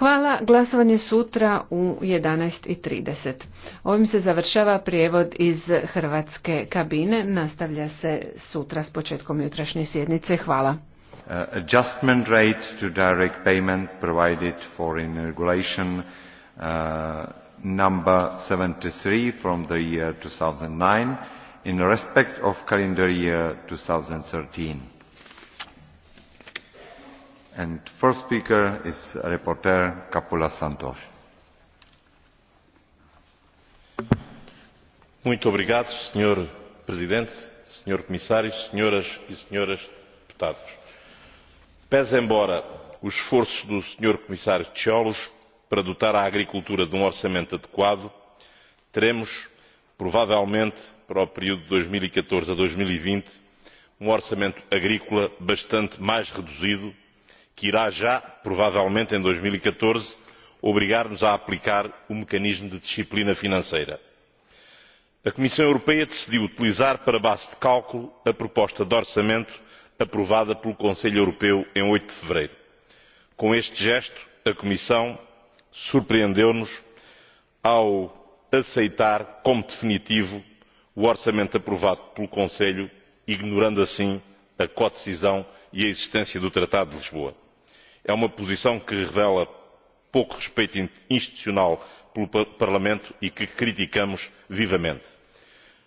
Hvala, glasovanje sutra u 11.30. Ovim se završava prijevod iz hrvatske kabine, nastavlja se sutra s početkom jutrašnje sjednice. Hvala. Uh, adjustment rate to direct payment provided for in regulation uh, number 73 from the year 2009 in respect of calendar year 2013. Muito obrigado, Sr. Presidente, senhor Comissário, Senhoras e Senhores Deputados. Pese embora os esforços do senhor Comissário Tcholos para dotar a agricultura de um orçamento adequado, teremos, provavelmente, para o período de 2014 e a 2020, e um orçamento agrícola bastante mais reduzido que irá já provavelmente em dois mil e obrigar nos a aplicar o mecanismo de disciplina financeira. a comissão europeia decidiu utilizar para base de cálculo a proposta de orçamento aprovada pelo conselho europeu em oito de fevereiro. com este gesto a comissão surpreendeu nos ao aceitar como definitivo o orçamento aprovado pelo conselho ignorando assim a codecisão e a existência do tratado de lisboa é uma posição que revela pouco respeito institucional pelo parlamento e que criticamos vivamente.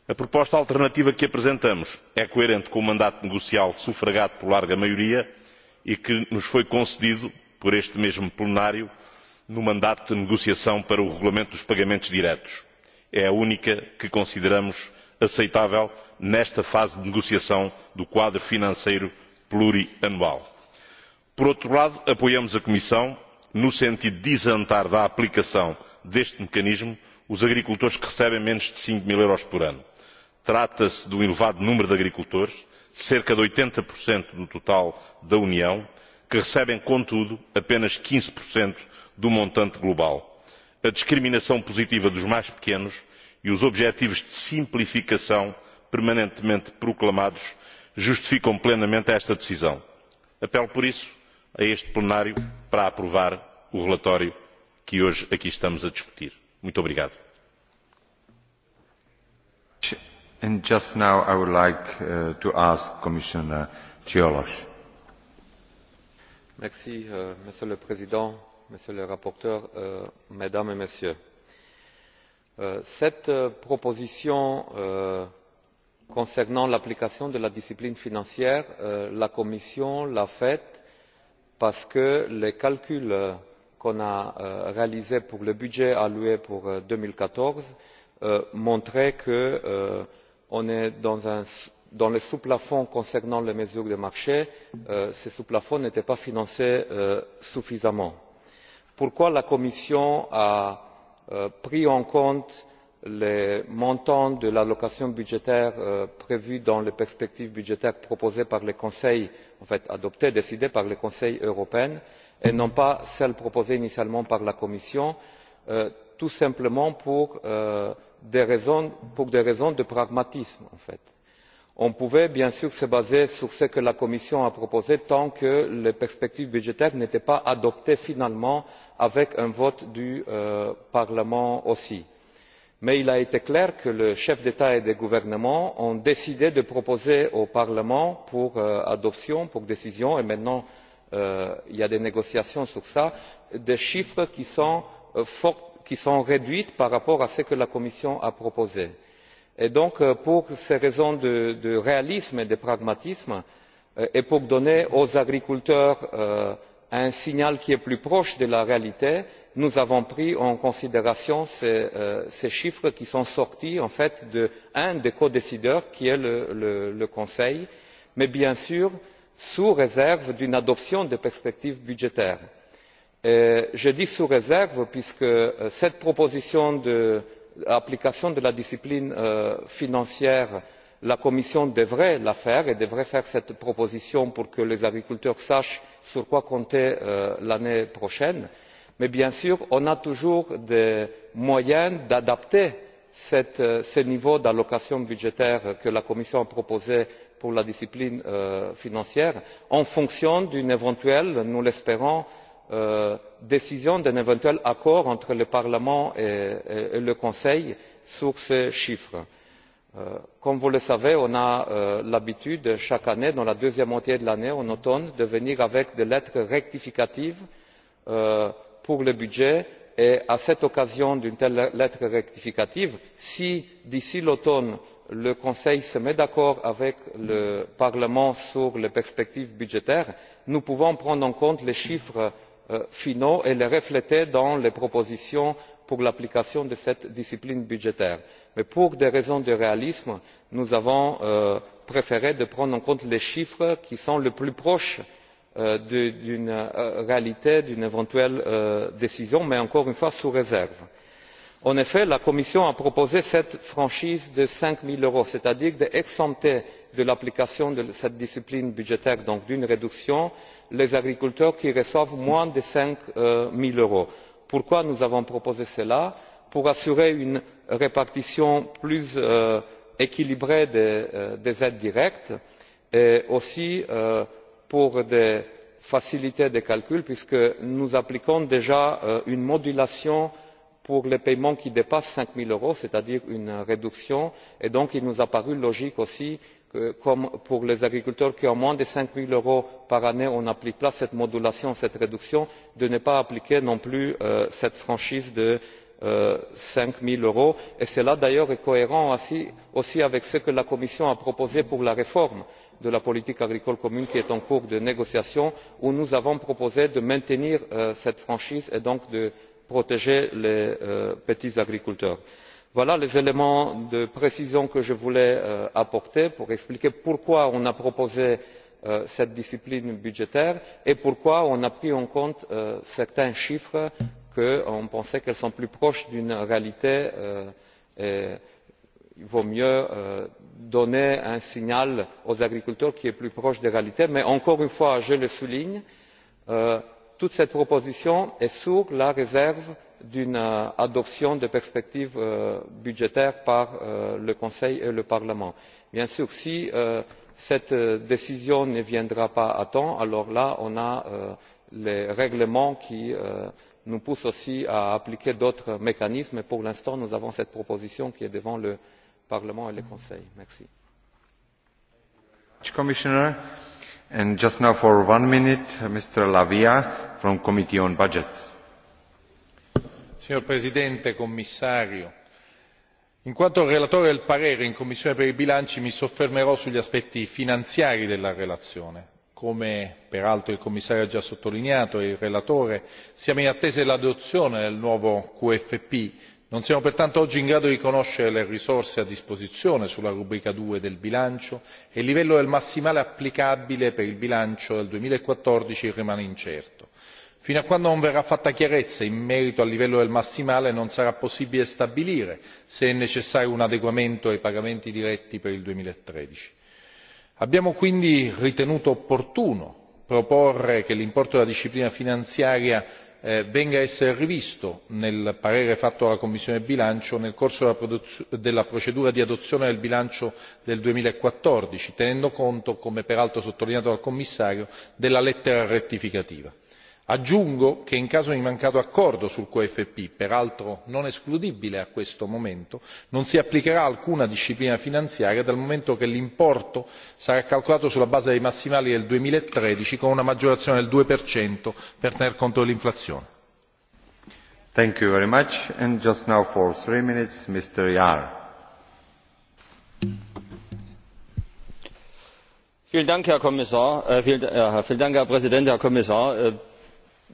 a proposta alternativa que apresentamos é coerente com o mandato negocial sufragado por larga maioria e que nos foi concedido por este mesmo plenário no mandato de negociação para o regulamento dos pagamentos diretos. é a única que consideramos aceitável nesta fase de negociação do quadro financeiro plurianual por outro lado apoiamos a comissão no sentido de isentar da aplicação deste mecanismo os agricultores que recebem menos de cinco mil euros por ano. trata se de um elevado número de agricultores cerca de oitenta do total da união que recebem contudo apenas quinze do montante global. a discriminação positiva dos mais pequenos e os objetivos de simplificação permanentemente proclamados justificam plenamente esta decisão. apelo por isso a este plenário para aprovar o relatório que hoje aqui estamos a discutir. muito obrigado. And just now I would like uh, to ask Commissioner Merci, uh, Monsieur le Président, Monsieur le Rapporteur, uh, Mesdames et Messieurs. Cette proposition concernant l'application de la discipline financière, la Commission l'a faite parce que les calculs qu'on a euh, réalisés pour le budget alloué pour euh, deux mille quatorze euh, montraient que nous sommes dans le sous plafond concernant les mesures de marché. ce sous plafond n'était pas financé suffisamment. pourquoi la commission a pris en compte le montant de l'allocation budgétaire euh, prévue dans les perspectives budgétaires proposées par le conseil en fait adoptées décidées par le conseil européen et non pas celles proposées initialement par la commission euh, tout simplement euh, pour des raisons de pragmatisme en fait. on pouvait bien sûr se baser sur ce que la commission a proposé tant que les perspectives budgétaires n'étaient pas adoptées finalement avec un vote du parlement aussi mais il a été clair que les chefs d'état et de gouvernement ont décidé de proposer au parlement pour euh, adoption pour décision et maintenant euh, il y a des négociations sur cela des chiffres euh, qui sont réduits par rapport à ce que la commission a proposé. donc pour ces raisons de réalisme et de pragmatisme et pour donner aux agriculteurs un signal qui est plus proche de la réalité nous avons pris en considération ces euh, chiffres qui sont sortis en fait de l'un des codécideurs qui est le conseil mais bien sûr sous réserve d'une adoption des perspectives budgétaires. Euh, je dis sous réserve puisque euh, cette proposition d'application de la discipline financière la commission devrait la faire et devrait faire cette proposition pour que les agriculteurs sachent sur quoi compter euh, l'année prochaine mais bien sûr on a toujours des moyens d'adapter euh, ce niveau d'allocation budgétaire que la commission a proposé pour la discipline euh, financière en fonction d'une éventuelle nous l'espérons décision d'un éventuel accord entre le parlement et le conseil sur ces chiffres. Euh, comme vous le savez on avons euh, l'habitude chaque année dans la deuxième moitié de l'année en automne de venir avec des lettres rectificatives euh, pour le budget et à cette occasion d'une telle lettre rectificative si d'ici l'automne le conseil se met d'accord avec le parlement sur les perspectives budgétaires nous pouvons prendre en compte les chiffres finaux et les refléter dans les propositions pour l'application de cette discipline budgétaire mais pour des raisons de réalisme nous avons euh, préféré prendre en compte les chiffres qui sont les plus proches euh, d'une euh, réalité d'une éventuelle décision mais encore une fois sous réserve. en effet la commission a proposé cette franchise de cinq zéro euros c'est à dire d'exempter de l'application de cette discipline budgétaire donc d'une réduction les agriculteurs qui reçoivent moins de cinq zéro euros pourquoi nous avons proposé cela? pour assurer une répartition plus euh, équilibrée euh, des aides directes et aussi euh, pour des facilités de calcul puisque nous appliquons déjà une modulation pour les paiements qui dépassent cinq zéro euros c'est à dire une réduction et donc il nous a paru logique aussi Euh, comme pour les agriculteurs qui ont moins de cinq zéro euros par année on n'applique pas cette modulation cette réduction de ne pas appliquer non plus euh, cette franchise de euh, cinq zéro euros et cela d'ailleurs est cohérent aussi avec ce que la commission a proposé pour la réforme de la politique agricole commune qui est en cours de négociation où nous avons proposé de maintenir cette franchise et donc de protéger les petits agriculteurs voilà les éléments de précision que je voulais euh, apporter pour expliquer pourquoi on a proposé euh, cette discipline budgétaire et pourquoi on a pris en compte euh, certains chiffres qu'on nous pensait qu'ils sont plus proches d'une réalité. il vaut mieux donner un signal aux agriculteurs qui est plus proche des réalités mais encore une fois je le souligne toute cette proposition est sous la réserve d'une euh, adoption de perspectives euh, budgétaires par euh, le conseil et le parlement. bien sûr si cette décision ne viendra pas à temps alors là on a les règlements qui nous poussent aussi à appliquer d'autres mécanismes mais pour l'instant nous avons cette proposition qui est devant le parlement et le conseil. merci. And just now for one minute, Mr. Lavia from Committee on signor presidente commissario in quanto relatore del parere in commissione per i bilanci mi soffermerò sugli aspetti finanziari della relazione. come peraltro il commissario ha già sottolineato e il relatore siamo in attesa dell'adozione del nuovo qfp non siamo pertanto oggi in grado di conoscere le risorse a disposizione sulla rubrica due del bilancio e il livello del massimale applicabile per il bilancio del duemilaquattordici rimane incerto fino a quando non verrà fatta chiarezza in merito al livello del massimale non sarà possibile stabilire se è necessario un adeguamento ai pagamenti diretti per il. duemilatredici abbiamo quindi ritenuto opportuno proporre che l'importo della disciplina finanziaria eh, venga essere rivisto nel parere fatto dalla commissione bilancio nel corso della procedura di adozione del bilancio del duemilaquattordici tenendo conto come peraltro sottolineato dal commissario della lettera rettificativa aggiungo che in caso di mancato accordo sul qfp peraltro non escludibile a questo momento non si applicherà alcuna disciplina finanziaria dal momento che l'importo sarà calcolato sulla base dei massimali del duemilatredici con una maggiorazione del due per tener conto dell'inflazione. herr präsident herr kommissar! Äh,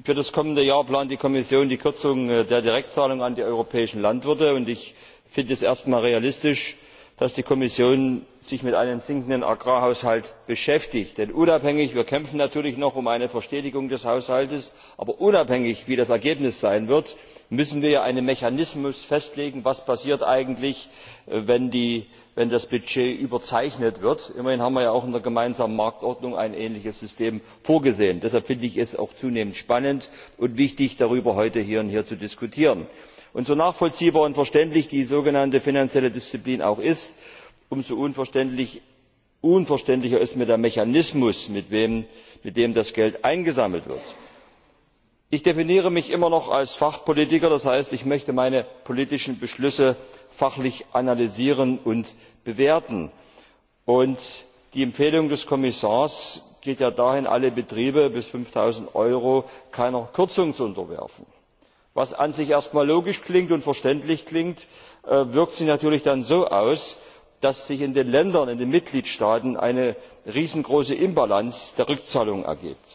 für das kommende jahr plant die kommission die kürzung äh, der direktzahlungen an die europäischen landwirte und ich finde das erst einmal realistisch dass die kommission sich mit einem sinkenden agrarhaushalt beschäftigt. denn unabhängig wir kämpfen natürlich noch um eine verstetigung des Haushalts, aber unabhängig davon wie das ergebnis sein wird müssen wir einen mechanismus festlegen was passiert eigentlich äh, wenn das budget überzeichnet wird? immerhin haben wir ja auch in der gemeinsamen marktordnung ein ähnliches system vorgesehen. deshalb finde ich es auch zunehmend spannend und wichtig darüber heute hier und hier zu diskutieren und so nachvollziehbar und verständlich die sogenannte finanzielle disziplin auch ist umso unverständlicher ist mir der mechanismus mit dem das geld eingesammelt wird. ich definiere mich immer noch als fachpolitiker das heißt ich möchte meine politischen beschlüsse fachlich analysieren und bewerten. die empfehlung des kommissars geht ja dahin alle betriebe bis fünf null euro keiner kürzung zu unterwerfen was an sich erst einmal logisch und verständlich klingt äh, wirkt sich natürlich dann so aus dass sich in den ländern in den mitgliedstaaten eine riesengroße Imbalanz der rückzahlung ergibt.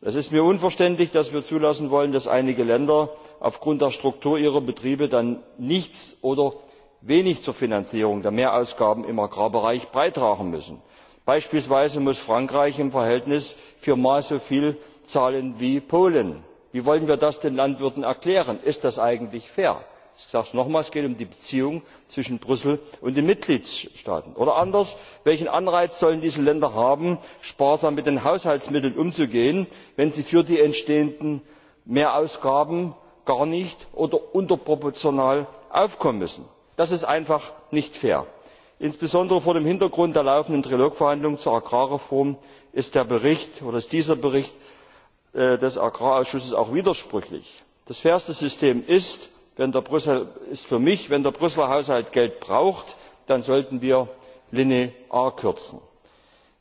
es ist mir unverständlich dass wir zulassen wollen dass einige länder aufgrund der struktur ihrer betriebe dann nichts oder wenig zur finanzierung der mehrausgaben im agrarbereich beitragen müssen. beispielsweise muss frankreich im verhältnis viermal so viel zahlen wie polen wie wollen wir das den landwirten erklären? ist das eigentlich fair? ich sage es nochmals es geht um die beziehung zwischen brüssel und den mitgliedstaaten. oder anders welchen anreiz sollen diese länder haben sparsam mit den haushaltsmitteln umzugehen wenn sie für die entstehenden mehrausgaben gar nicht oder unterproportional aufkommen müssen? das ist einfach nicht fair. insbesondere vor dem hintergrund der laufenden trilogverhandlungen zur agrarreform ist dieser bericht Äh, des agrarausschusses auch widersprüchlich. das fairste system ist für mich wenn der brüsseler haushalt geld braucht dann sollten wir linear kürzen.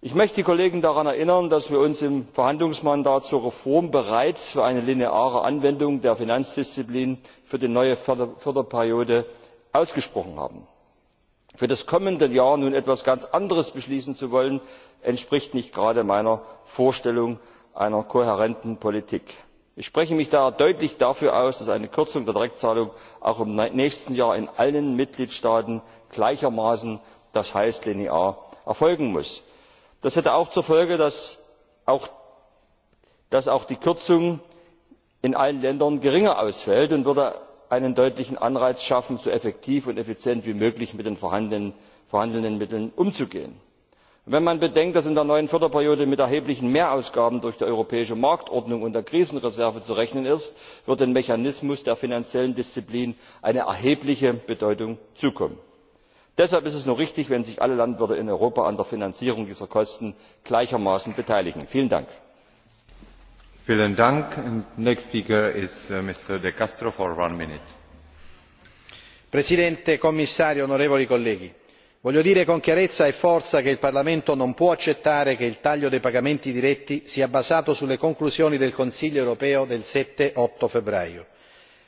ich möchte die kollegen daran erinnern dass wir uns im verhandlungsmandat zur reform bereits für eine lineare anwendung der finanzdisziplin für die neue förderperiode ausgesprochen haben. für das kommende jahr nun etwas ganz anderes beschließen zu wollen entspricht nicht gerade meiner vorstellung einer kohärenten politik. ich spreche mich daher deutlich dafür aus dass eine kürzung der direktzahlungen auch im nächsten jahr in allen mitgliedstaaten gleichermaßen das heißt linear erfolgen muss. das hätte auch zur folge dass auch die kürzung in allen ländern geringer ausfällt und würde einen deutlichen anreiz schaffen so effektiv und effizient wie möglich mit den vorhandenen mitteln umzugehen wenn man bedenkt dass in der neuen förderperiode mit erheblichen mehrausgaben durch die europäische marktordnung und der krisenreserve zu rechnen ist wird dem mechanismus der finanziellen disziplin eine erhebliche bedeutung zukommen. deshalb ist es nur richtig wenn sich alle landwirte in europa an der finanzierung dieser kosten gleichermaßen beteiligen. vielen dank! Uh, presidente onorevoli voglio dire con chiarezza e forza che il parlamento non può accettare che il taglio dei pagamenti diretti sia basato sulle conclusioni del consiglio europeo del sette 8 otto febbraio.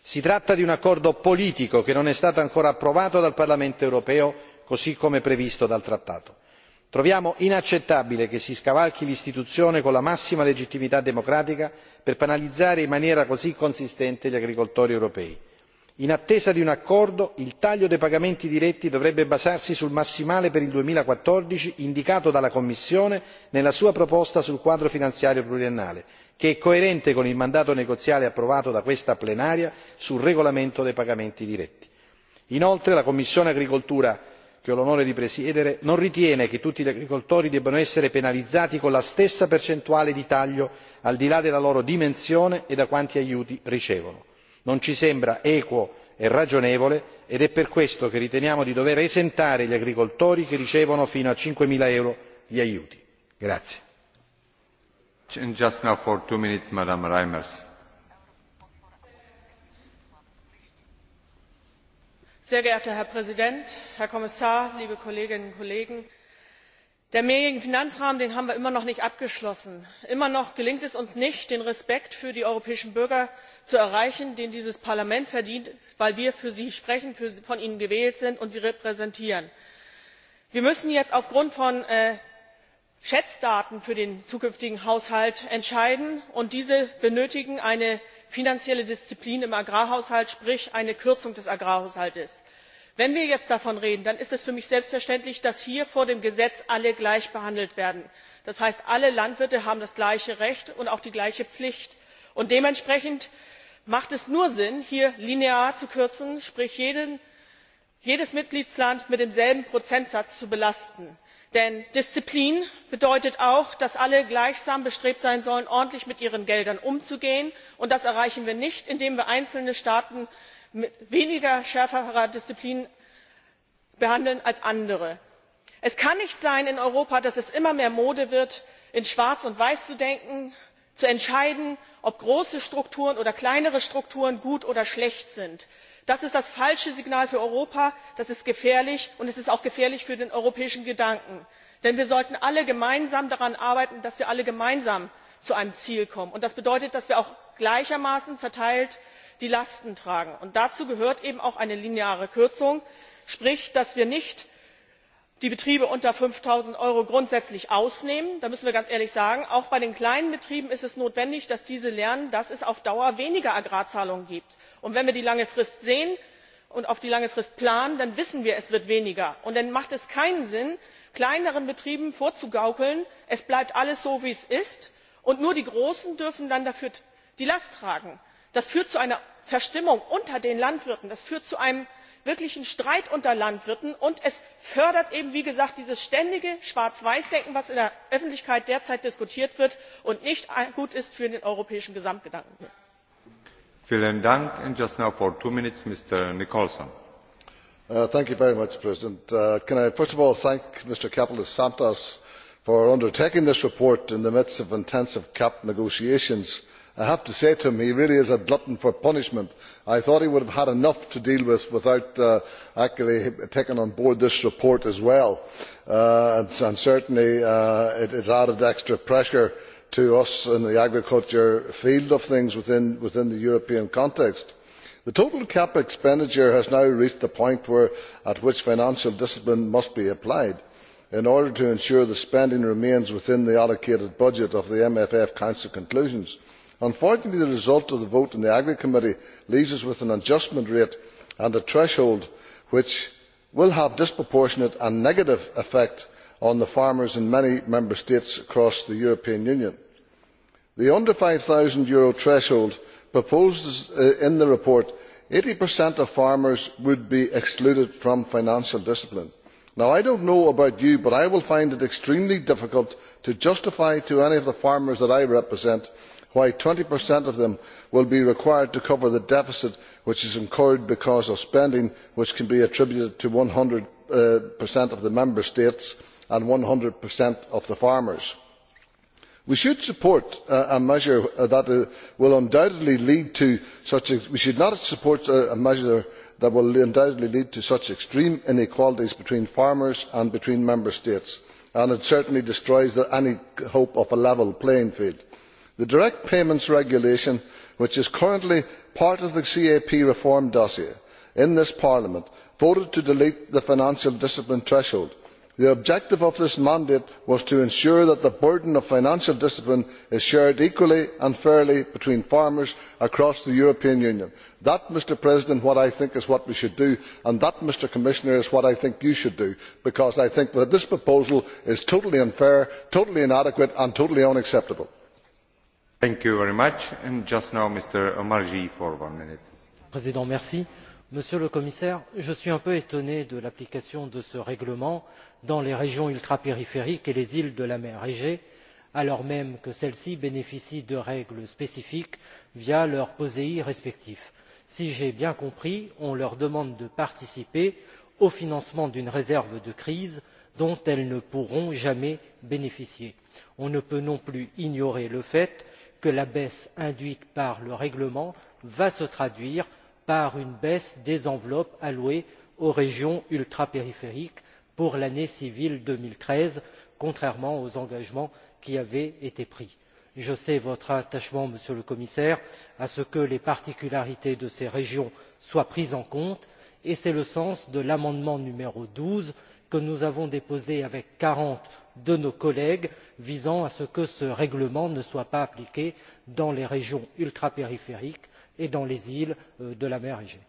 si tratta di un accordo politico che non è stato ancora approvato dal parlamento europeo così come previsto dal trattato. troviamo inaccettabile che si scavalchi l'istituzione con la massima legittimità democratica per penalizzare in maniera così consistente gli agricoltori europei in attesa di un accordo il taglio dei pagamenti diretti dovrebbe basarsi sul massimale per il duemilaquattordici indicato dalla commissione nella sua proposta sul quadro finanziario pluriennale che è coerente con il mandato negoziale approvato da questa plenaria sul regolamento dei pagamenti diretti. inoltre la commissione agricoltura che ho l'onore di presiedere non ritiene che tutti gli agricoltori debbano essere penalizzati con la stessa percentuale di taglio al di là della loro dimensione e da quanti aiuti ricevono non ci sembra equo e ragionevole ed è per questo che riteniamo di dover esentare gli agricoltori che ricevono fino a cinque zero euro di aiuti. sehr geehrter herr präsident herr kommissar liebe kolleginnen und kollegen! Der mehrjährigen finanzrahmen haben wir immer noch nicht abgeschlossen. immer noch gelingt es uns nicht den respekt für die europäischen bürger zu erreichen den dieses parlament verdient weil wir für sie sprechen von ihnen gewählt sind und sie repräsentieren. wir müssen jetzt aufgrund von äh, schätzdaten für den zukünftigen haushalt entscheiden und diese benötigen eine finanzielle disziplin im agrarhaushalt sprich eine kürzung des agrarhaushalts wenn wir jetzt davon reden dann ist es für mich selbstverständlich dass hier vor dem gesetz alle gleich behandelt werden. das heißt alle landwirte haben das gleiche recht und auch die gleiche pflicht. Und dementsprechend macht es nur sinn hier linear zu kürzen sprich jedes mitgliedsland mit demselben prozentsatz zu belasten. denn disziplin bedeutet auch dass alle gleichsam bestrebt sein sollen ordentlich mit ihren geldern umzugehen und das erreichen wir nicht indem wir einzelne staaten mit weniger schärferer disziplin behandeln als andere. es kann nicht sein in europa dass es immer mehr mode wird in schwarz und weiß zu denken zu entscheiden ob große strukturen oder kleinere strukturen gut oder schlecht sind. das ist das falsche signal für europa das ist gefährlich und es ist auch gefährlich für den europäischen gedanken denn wir sollten alle gemeinsam daran arbeiten dass wir alle gemeinsam zu einem ziel kommen und das bedeutet dass wir auch gleichermaßen verteilt die lasten tragen. dazu gehört eben auch eine lineare kürzung sprich dass wir nicht die betriebe unter fünf null euro grundsätzlich ausnehmen da müssen wir ganz ehrlich sagen auch bei den kleinen betrieben ist es notwendig dass diese lernen dass es auf dauer weniger agrarzahlungen gibt. wenn wir die lange frist sehen und auf die lange frist planen dann wissen wir es wird weniger. dann macht es keinen sinn kleineren betrieben vorzugaukeln es bleibt alles so wie es ist und nur die großen dürfen dann dafür die last tragen das führt zu einer verstimmung unter den landwirten das führt zu einem wirklichen streit unter landwirten und es fördert eben wie gesagt dieses ständige schwarz weiß denken das in der öffentlichkeit derzeit diskutiert wird und nicht gut ist für den europäischen gesamtgedanken. first of all thank mr santos for undertaking this report in the midst of intensive cap negotiations i have to say to him that he really is a glutton for punishment. i thought he would have had enough to deal with without uh, actually taking on board this report as well uh, and certainly uh, it has added extra pressure to us in the agriculture field of things within the european context. the total cap expenditure has now reached the point at which financial discipline must be applied in order to ensure that spending remains within the allocated budget of the mff council conclusions unfortunately the result of the vote in the agri committee leaves us with an adjustment rate and a threshold which will have a disproportionate and negative effect on the farmers in many member states across the european union. the under eur five zero threshold proposed uh, in the report eighty of farmers would be excluded from financial discipline. i do not know about you but i will find it extremely difficult to justify to any of the farmers that i represent why twenty of them will be required to cover the deficit which is incurred because of spending which can be attributed to one hundred uh, of the member states and one hundred of the farmers. we should support uh, a measure uh, that will undoubtedly lead to such we should not support a measure that will undoubtedly lead to such extreme inequalities between farmers and between member states and it certainly destroys any hope of a level playing field the direct payments regulation which is currently part of the cap reform dossier in this parliament voted to delete the financial discipline threshold. the objective of this mandate was to ensure that the burden of financial discipline is shared equally and fairly between farmers across the european union. that what i think is what we should do and that Mr commissioner is what i think you should do because i think that this proposal is totally unfair totally inadequate and totally unacceptable. Thank you Président, Monsieur le Commissaire, je suis un peu étonné de l'application de ce règlement dans les régions ultrapériphériques et les îles de la mer Égée, alors même que celles ci bénéficient de règles spécifiques via leurs posei respectifs. Si j'ai bien compris, on leur demande de participer au financement d'une réserve de crise dont elles ne pourront jamais bénéficier. On ne peut non plus ignorer le fait que la baisse induite par le règlement va se traduire par une baisse des enveloppes allouées aux régions ultrapériphériques pour l'année civile deux mille treize contrairement aux engagements qui avaient été pris. je sais votre attachement monsieur le commissaire à ce que les particularités de ces régions soient prises en compte et c'est le sens de l'amendement n douze que nous avons déposé avec quarante de nos collègues visant à ce que ce règlement ne soit pas appliqué dans les régions ultrapériphériques et dans les îles euh, de la mer égée.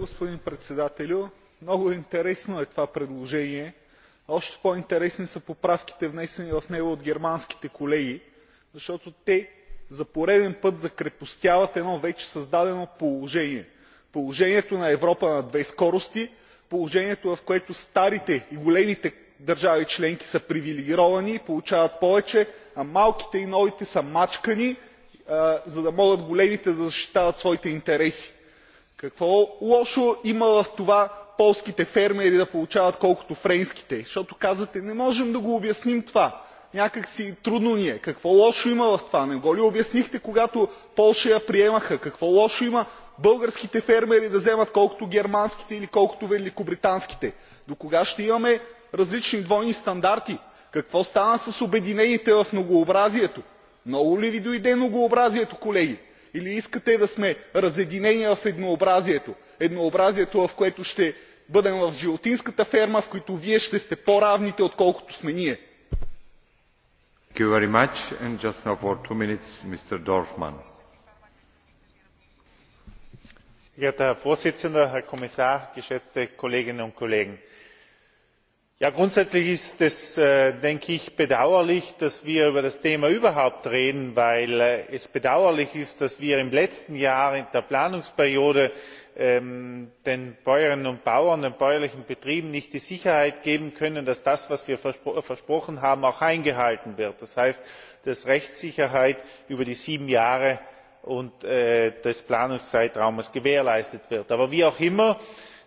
господин много интересно е това предложение. още по интересни положението на европа на две скорости положението в което старите и големите държави членки са привилегировани и получават повече а малките и новите са мачкани за да могат големите да защитават своите интереси. какво лошо има в това полските фермери да получават колкото френските? защото казвате не можем да го обясним това някак си трудно ни е. какво лошо има в това? не го ли обяснихте когато полша я приемаха? какво лошо има българските фермери да вземат колкото германските или колкото великобританските? докога ще имаме различни двойни стандарти? какво стана с обединените в многообразието? много ли ви дойде многообразието колеги? или искате да сме разединени в еднообразието? еднообразието в което ще бъдем в животинската ферма в които вие ще сте по равните отколкото сме ние. herr präsident herr kommissar geschätzte kolleginnen und kollegen! grundsätzlich ist es äh, bedauerlich dass wir über das thema überhaupt reden weil äh, es bedauerlich ist dass wir im letzten jahr in der planungsperiode ähm, den bäuerinnen und bauern den bäuerlichen betrieben nicht die sicherheit geben können dass das was wir versprochen haben auch eingehalten wird das heißt dass rechtssicherheit über die sieben jahre und äh, des planungszeitraums gewährleistet wird. aber wie auch immer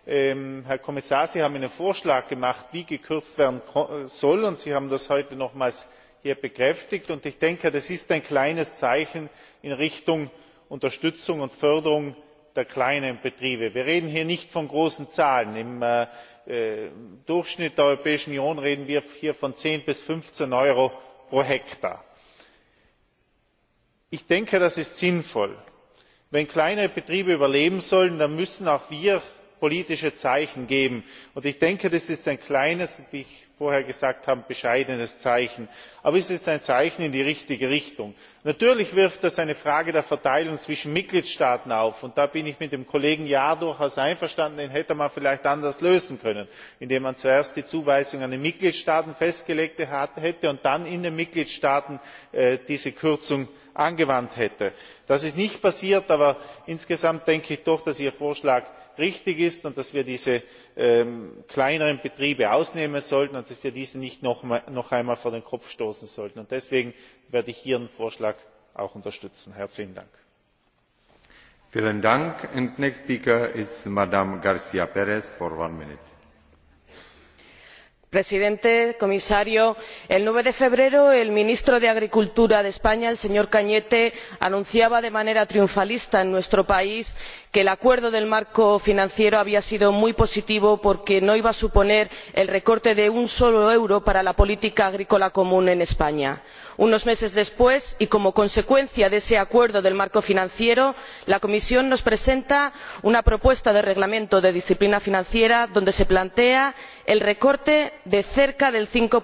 ähm, herr kommissar sie haben einen vorschlag gemacht wie gekürzt werden soll und sie haben das heute nochmals hier bekräftigt. ich denke das ist ein kleines zeichen in richtung unterstützung und förderung der kleinen betriebe. wir reden hier nicht von großen zahlen. im äh, äh, durchschnitt der europäischen union reden wir hier von zehn bis fünfzehn euro pro hektar ich denke das ist sinnvoll. wenn kleine betriebe überleben sollen dann müssen auch wir politische zeichen geben. ich denke das ist ein kleines wie ich vorher gesagt habe bescheidenes zeichen aber es ist ein zeichen in die richtige richtung. natürlich wirft das eine frage der verteilung zwischen mitgliedstaaten auf und da bin ich mit dem kollegen jahr durchaus einverstanden den hätte man vielleicht anders lösen können indem man zuerst die zuweisung an den mitgliedstaaten festgelegt hätte und dann in den mitgliedstaaten äh, diese kürzung angewandt hätte. das ist nicht passiert aber insgesamt denke ich doch dass ihr vorschlag richtig ist und dass wir diese ähm, kleineren betriebe ausnehmen sollten und dass wir diese nicht noch einmal vor den kopf stoßen sollten. deswegen werde ich ihren vorschlag auch unterstützen. herzlichen dank! señor presidente comisario el nueve de febrero el ministro de agricultura de españa el señor cañete anunciaba de manera triunfalista en nuestro país que el acuerdo del marco financiero había sido muy positivo porque no iba a suponer el recorte de un solo euro para la política agrícola común en españa. unos meses después y como consecuencia de ese acuerdo del marco financiero la comisión nos presenta una propuesta de reglamento de disciplina financiera donde se plantea el recorte de cerca del cinco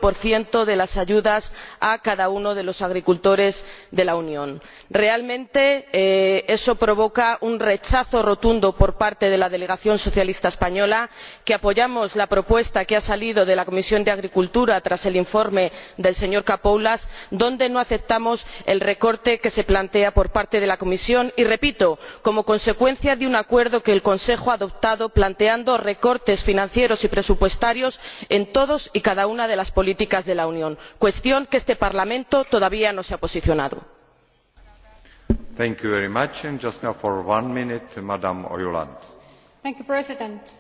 de las ayudas a cada uno de los agricultores de la unión. realmente eh, eso provoca un rechazo rechazo rotundo por parte de la delegación socialista española que apoyamos la propuesta que ha salido de la comisión de agricultura tras el informe del señor capoulas donde no aceptamos el recorte que se plantea por parte de la comisión y repito como consecuencia de un acuerdo que el consejo ha adoptado planteando recortes financieros y presupuestarios en todos y cada una de las políticas de la unión cuestión que este parlamento todavía no se ha posicionado. Mr President.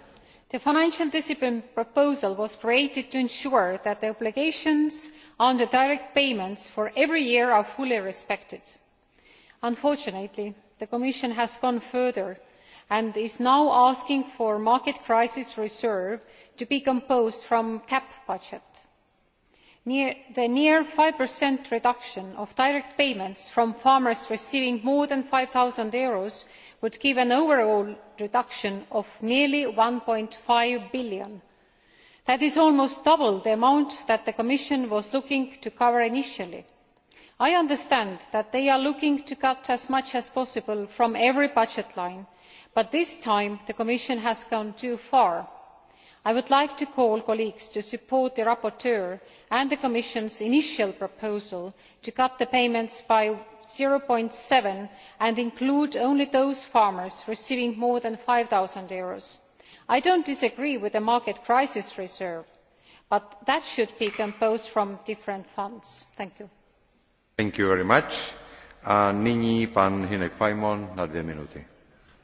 The financial discipline proposal was created to ensure that the obligations on the direct payments for every year are fully respected. Unfortunately, the Commission has gone further and is now asking for market crisis reserve to be composed from cap budget the near five reduction of direct payments from farmers receiving more than eur five would give an overall reduction of nearly eur. one five billion. that is almost double the amount that the commission was looking to cover initially. i understand that they are looking to cut as much as possible from every budget line but this time the commission has gone too far i would like to call on colleagues to support the rapporteur and the commission's initial proposal to cut the payments by. zero seven and include only those farmers receiving more than eur. five zero i do not disagree with the market crisis reserve but that should be composed from different funds.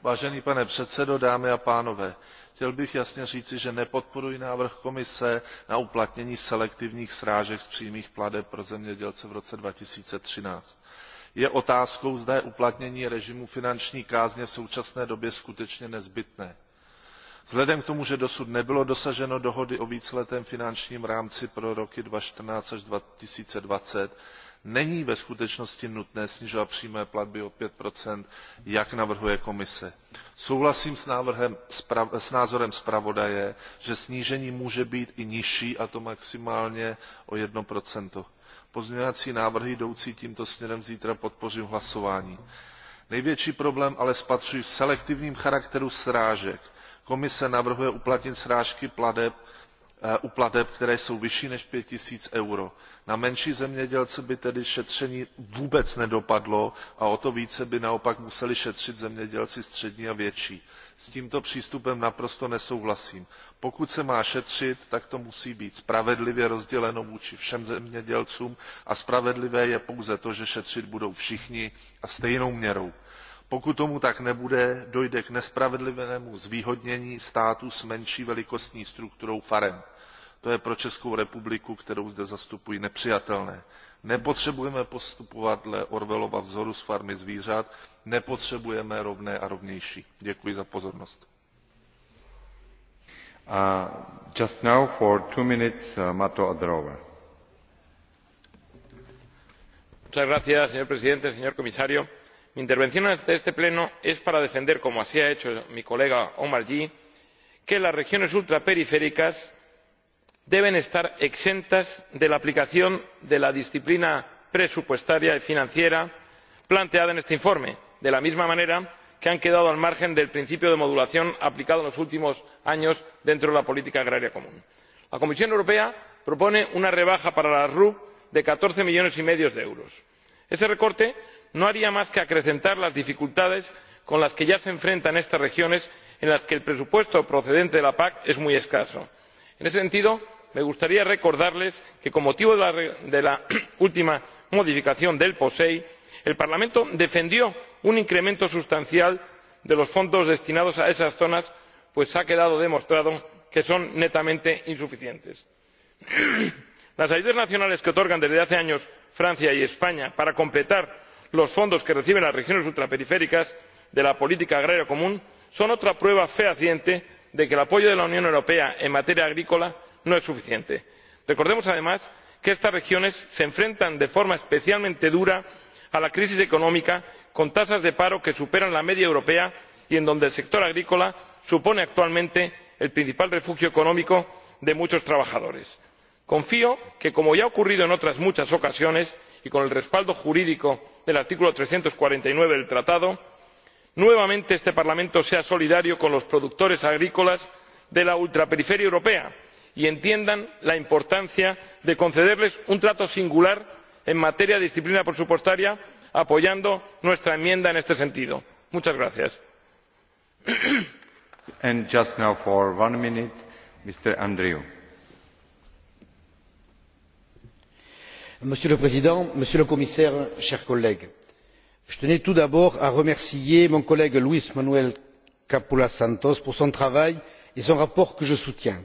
A chtěl bych jasně říci že nepodporuji návrh komise na uplatnění selektivních srážek z přímých plateb pro zemědělce v roce. 2013. je otázkou zda je uplatnění režimu finanční kázně v současné době skutečně nezbytné. vzhledem k tomu že dosud nebylo dosaženo dohody o víceletém finančním rámci pro roky 2014. thousand až two není ve skutečnosti nutné snižovat přímé platby o five jak navrhuje komise. souhlasím s, s názorem zpravodaje že snížení může být i nižší a to maximálně o one pozměňovací návrhy jdoucí tímto směrem zítra podpořím v hlasování. největší problém ale spatřuji v selektivním charakteru srážek. komise navrhuje uplatnit srážky plateb Eh, u plateb které jsou vyšší než five tisíc na menší zemědělce by tedy šetření vůbec nedopadlo a o to více by naopak museli šetřit zemědělci střední a větší. s tímto přístupem naprosto nesouhlasím. pokud se má šetřit tak to musí být spravedlivě rozděleno vůči všem zemědělcům a spravedlivé je pouze to že šetřit budou všichni a stejnou měrou pokud tomu tak nebude dojde k nespravedlivému zvýhodnění států s menší velikostní strukturou farem to je pro českou republiku kterou zde zastupuji nepřijatelné. nepotřebujeme postupovat dle orwellova vzoru z farmy zvířat nepotřebujeme rovné a rovnější. děkuji za pozornost. just now for minutes, uh, Gracias, señor presidente señor comisario mi intervención ante este pleno es para defender como así ha hecho mi colega Omar G., que las regiones ultraperiféricas deben estar exentas de la aplicación de la disciplina presupuestaria y financiera planteada en este informe de la misma manera que han quedado al margen del principio de modulación aplicado en los últimos años dentro de la política agrícola común. la comisión europea propone una rebaja para las rup de catorce millones y medio de euros. ese recorte no haría más que acrecentar las dificultades con las que ya se enfrentan estas regiones en las que el presupuesto procedente de la pac es muy escaso. en ese sentido me gustaría recordarles que con motivo de la última modificación del posei el parlamento defendió un incremento sustancial de los fondos destinados a esas zonas pues ha quedado demostrado que son netamente insuficientes. las ayudas nacionales que otorgan desde hace años francia y españa para completar los fondos que reciben las regiones ultraperiféricas de la política agrícola común son otra prueba fehaciente de que el apoyo de la unión europea en materia agrícola no es suficiente. recordemos además que estas regiones se enfrentan de forma especialmente dura a la crisis económica con tasas de paro que superan la media europea y en donde el sector agrícola supone actualmente el principal refugio económico de muchos trabajadores. confío en que como ya ha ocurrido en otras muchas ocasiones y con el respaldo jurídico del artículo trescientos cuarenta y nueve del tratado nuevamente este parlamento sea solidario con los productores agrícolas de la ultraperiferia europea y entiendan la importancia de concederles un trato singular en materia de disciplina presupuestaria apoyando nuestra enmienda en este sentido. muchas gracias. monsieur le président monsieur le commissaire chers collègues je tenais tout d'abord à remercier mon collègue luis manuel capoulas santos pour son travail et son rapport que je soutiens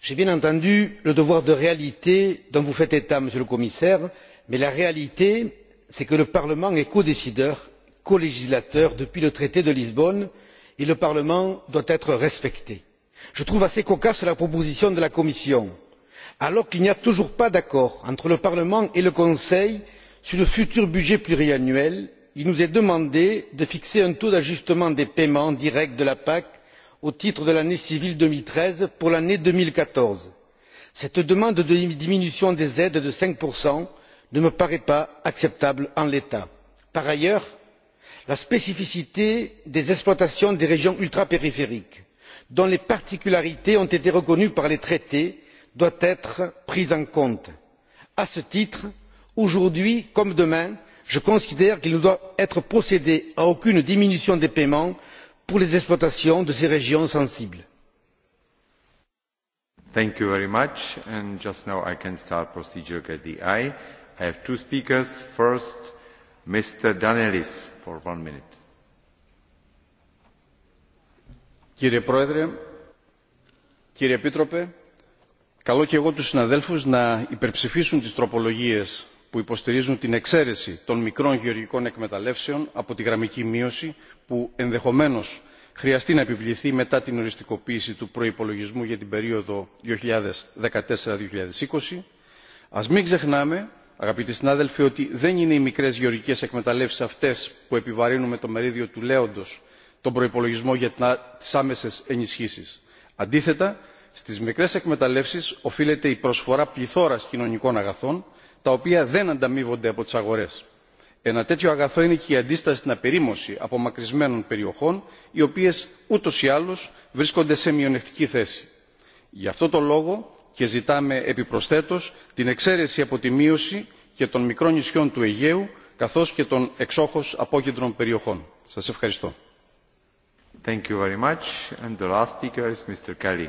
j'ai bien entendu le devoir de réalité dont vous faites état monsieur le commissaire mais la réalité c'est que le parlement est codécideur colégislateur depuis le traité de lisbonne et le parlement doit être respecté. je trouve assez cocasse la proposition de la commission alors qu'il n'y a toujours pas d'accord entre le parlement et le conseil sur le futur budget pluriannuel il nous est demandé de fixer un taux d'ajustement des paiements directs de la pac au titre de l'année civile deux mille treize pour l'année. deux mille quatorze cette demande de diminution des aides de cinq ne me paraît pas acceptable en l'état. par ailleurs la spécificité des exploitations des régions ultrapériphériques dont les particularités ont été reconnues par les traités doit être prise en compte. à ce titre aujourd'hui comme demain je considère qu'il ne doit être procédé à aucune diminution des paiements pour les exploitations de ces régions sensibles. Thank you very much. And just now I can start procedure at the eye. I have two speakers. First, Mr. Danelis for one minute. Κύριε Πρόεδρε, κύριε Επίτροπε, καλώ και εγώ τους συναδέλφους να υπερψηφίσουν τις τροπολογίες που υποστηρίζουν την εξαίρεση των μικρών γεωργικών εκμεταλλεύσεων από τη γραμμική μείωση που ενδεχομένως χρειαστεί να επιβληθεί μετά την οριστικοποίηση του προϋπολογισμού για την περίοδο 2014-2020. Ας μην ξεχνάμε, αγαπητοί συνάδελφοι, ότι δεν είναι οι μικρές γεωργικές εκμεταλλεύσεις αυτές που επιβαρύνουν με το μερίδιο του λέοντος τον προϋπολογισμό για τις άμεσες ενισχύσεις. Αντίθετα, στις μικρές εκμεταλλεύσεις οφείλεται η προσφορά πληθώρας κοινωνικών αγαθών τα οποία δεν ανταμείβονται από τις αγορές. ένα τέτοιο αγαθό είναι και η αντίσταση στην απερίμωση απομακρυσμένων περιοχών οι οποίες ούτως ή άλλως βρίσκονται σε μειονεκτική θέση. γι' αυτό το λόγο και ζητάμε επιπροσθέτως την εξαίρεση από τη μείωση και των μικρών νησιών του αιγαίου καθώς και των εξόχως απόκεντρων περιοχών. σας ευχαριστώ. Thank you very much. And the last speaker is Mr. Kelly.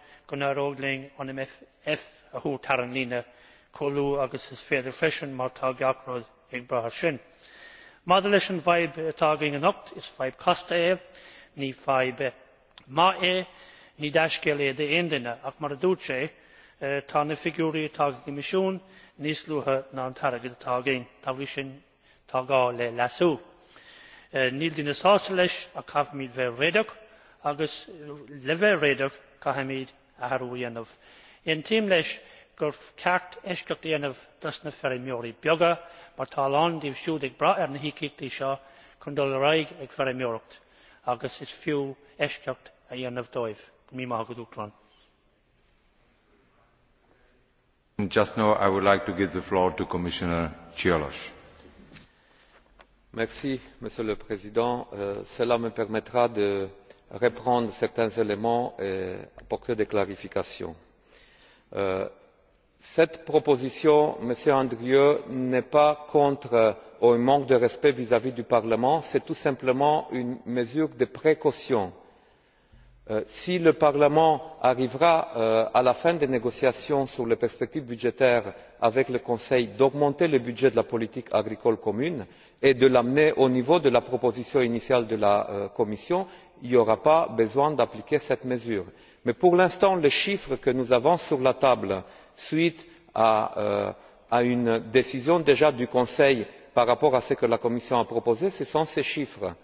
go n óg an mff a chuairteáin líne comhlú agus is féidir e, e, freisin mar atá gceathrar ag brath sin. maidir leis an bhfeidhm atá i anocht is feadh costa é ní feadh maith é ní deisceal é d'aon duine ach mar a dúirt sé tá na figiúirí atá i gcoimisiún níos luaithe ná an táirgead atá againn tá bhí sin tá gá le leasú. Eh, níl duine sásta leis ach caitheamid mé réadach agus le bheith réadach caitheamid athrú dhéanamh. i n leis gur ceart éisteacht dhéanamh dos na feirmeoirí beaga mar tá lán dibh siúd ag brath ar na híchíltaí seo chun dul ar aghaidh ag feirmeoireacht agus is fiú éisteacht a dhéanamh dóibh go mí maith go dúchlann reprendre certains éléments et euh, apporter des clarifications. Euh, cette proposition monsieur andrieu n'est pas contre ou euh, un manque de respect vis à vis du parlement c'est tout simplement une mesure de précaution. Euh, si le parlement arrivera euh, à la fin des négociations sur les perspectives budgétaires avec le conseil à augmenter le budget de la politique agricole commune et à l'amener au niveau de la proposition initiale de la euh, commission il n'y aura pas besoin d'appliquer cette mesure. mais pour l'instant les chiffres que nous avons sur la table suite à une suite d'une décision du conseil par rapport à ce que la commission a proposé ce sont ces chiffres.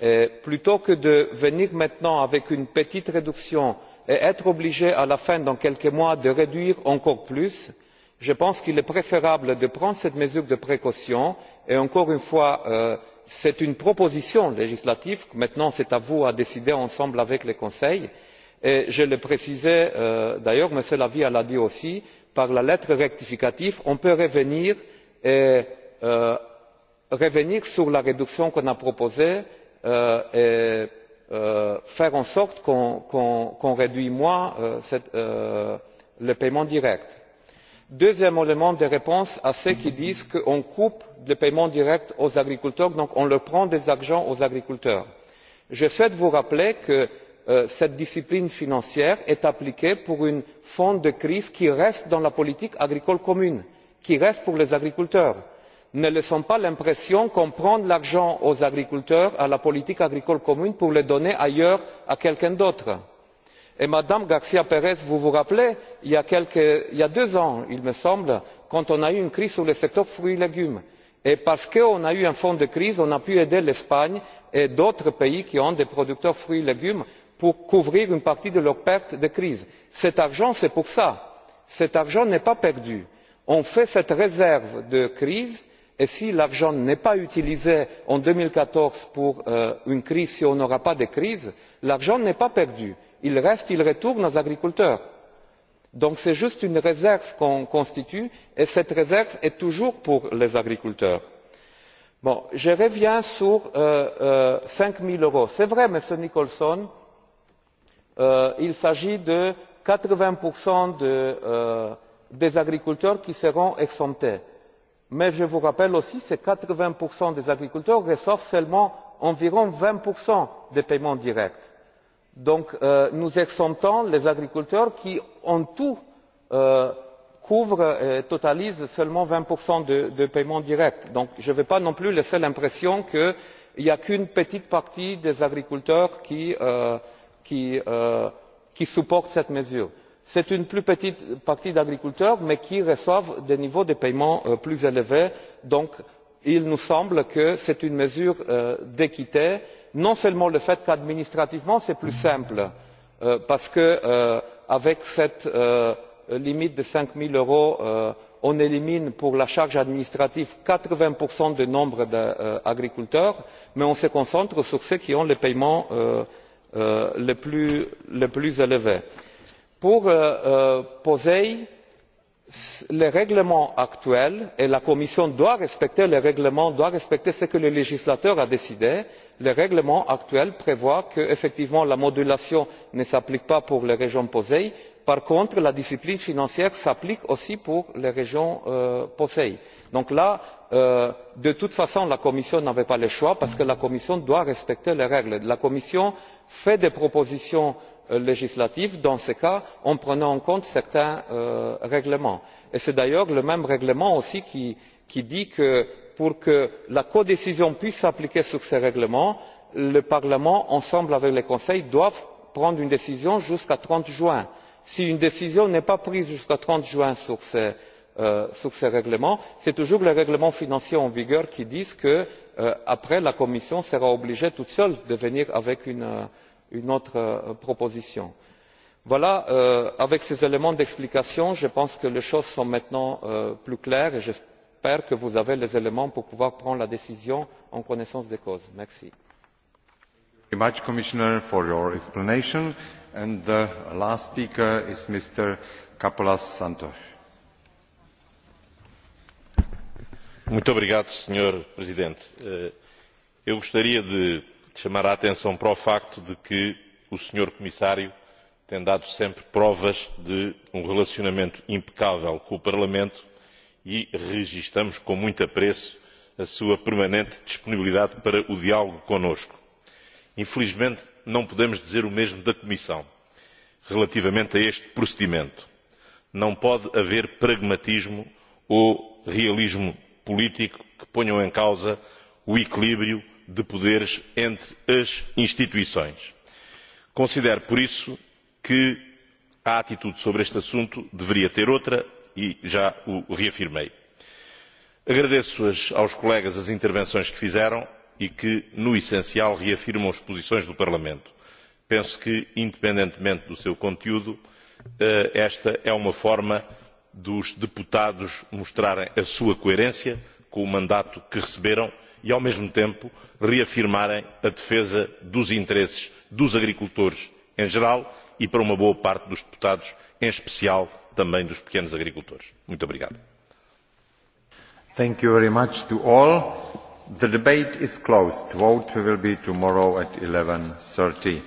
Euh, plutôt que de venir maintenant avec une petite réduction et être obligé à la fin dans quelques mois de réduire encore plus je pense qu'il est préférable de prendre cette mesure de précaution et encore une fois euh, c'est une proposition législative maintenant c'est à vous de décider ensemble avec le conseil et je le précisais euh, d'ailleurs m. la via l'a dit aussi par la lettre rectificative on peut revenir sur la réduction qu'on a proposée Euh, et euh, faire en sorte qu'on réduise moins euh, le paiement direct. deuxième élément de réponse à ceux qui disent qu'on coupe le paiement direct aux agriculteurs donc on leur prend de l'argent aux agriculteurs je souhaite vous rappeler que cette discipline financière est appliquée pour un fonds de crise qui reste dans la politique agricole commune qui reste pour les agriculteurs ne laissons pas l'impression qu'on prend l'argent aux agriculteurs à la politique agricole commune pour le donner ailleurs à quelqu'un d'autre. Et madame garca pérez vous vous rappelez il y a deux ans il me semble quand on a eu une crise sur le secteur des fruits et légumes et parce qu'on a eu un fonds de crise on a pu aider l'espagne et d'autres pays qui ont des producteurs de fruits et légumes pour couvrir une partie de leurs pertes de crise. cet argent c'est pour cela. cet argent n'est pas perdu. on fait cette réserve de crise et si l'argent n'est pas utilisé en deux mille quatorze pour euh, une crise si on n'aura pas de crise l'argent n'est pas perdu il reste il retourne aux agriculteurs. donc c'est juste une réserve que constitue et cette réserve est toujours pour les agriculteurs. je reviens sur les euh, euh, cinq zéro euros. C'est vrai monsieur nicholson il s'agit de quatre vingts des agriculteurs qui seront exemptés mais je vous rappelle aussi que quatre vingts des agriculteurs reçoivent seulement environ vingt des paiements directs. donc euh, nous exemptons les agriculteurs qui en tout euh, couvrent et totalisent seulement vingt de paiements directs. je ne veux pas non plus laisser l'impression qu'il n'y a qu'une petite partie des agriculteurs qui euh, supportent cette mesure c'est une plus petite partie d'agriculteurs mais qui reçoivent des niveaux de paiement euh, plus élevés donc il nous semble que c'est une mesure euh, d'équité non seulement le fait qu'administrativement c'est plus simple euh, parce avec cette limite de cinq zéro euros on élimine pour la charge administrative quatre vingts du nombre d'agriculteurs mais on se concentre sur ceux qui ont les paiements les plus élevés pour euh, euh, poser les règlements actuels et la commission doit respecter les règlements doit respecter ce que le législateur a décidé les règlements actuels prévoient qu'effectivement la modulation ne s'applique pas pour les régions posei. par contre la discipline financière s'applique aussi pour les régions euh, posei. donc là de toute façon la commission n'avait pas le choix parce que la commission doit respecter les règles. la commission fait des propositions législatif dans ce cas en prenant en compte certains euh, règlements. c'est d'ailleurs le même règlement aussi qui dit que pour que la codécision puisse s'appliquer sur ce règlement le parlement ensemble avec le conseil doivent prendre une décision jusqu'au trente juin. si une décision n'est pas prise jusqu'au trente juin sur ce euh, règlement c'est toujours le règlement financier en vigueur qui dit qu'après euh, la commission sera obligée toute seule de venir avec une autre euh, proposition. voilà euh, avec ces éléments d'explication je pense que les choses sont maintenant euh, plus claires et j'espère que vous avez les éléments pour pouvoir prendre la décision en connaissance de cause. merci. Thank you very much, Commissioner, for your explanation. And the last speaker is Mr. Capolas Santos. Muito obrigado, Sr. Presidente. Eh, eu gostaria de chamar a atenção para o facto de que o senhor comissário tem dado sempre provas de um relacionamento impecável com o parlamento e registramos com muito apreço a sua permanente disponibilidade para o diálogo connosco. infelizmente não podemos dizer o mesmo da comissão relativamente a este procedimento. não pode haver pragmatismo ou realismo político que ponham em causa o equilíbrio de poderes entre as instituições. considero por isso que a atitude sobre este assunto deveria ter outra e já o reafirmei. agradeço aos colegas as intervenções que fizeram e que no essencial reafirmam as posições do parlamento. penso que independentemente do seu conteúdo eh, esta é uma forma dos deputados mostrarem a sua coerência com o mandato que receberam e ao mesmo tempo reafirmarem a defesa dos interesses dos agricultores em geral e para uma boa parte dos deputados em especial também dos pequenos agricultores. muito obrigado. thank you very much to all. the debate is closed. vote will be tomorrow at. eleven thirty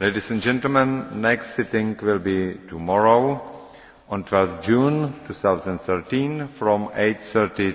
ladies and gentlemen next sitting will be tomorrow on twelve june two thousand and thirteen from eight thirty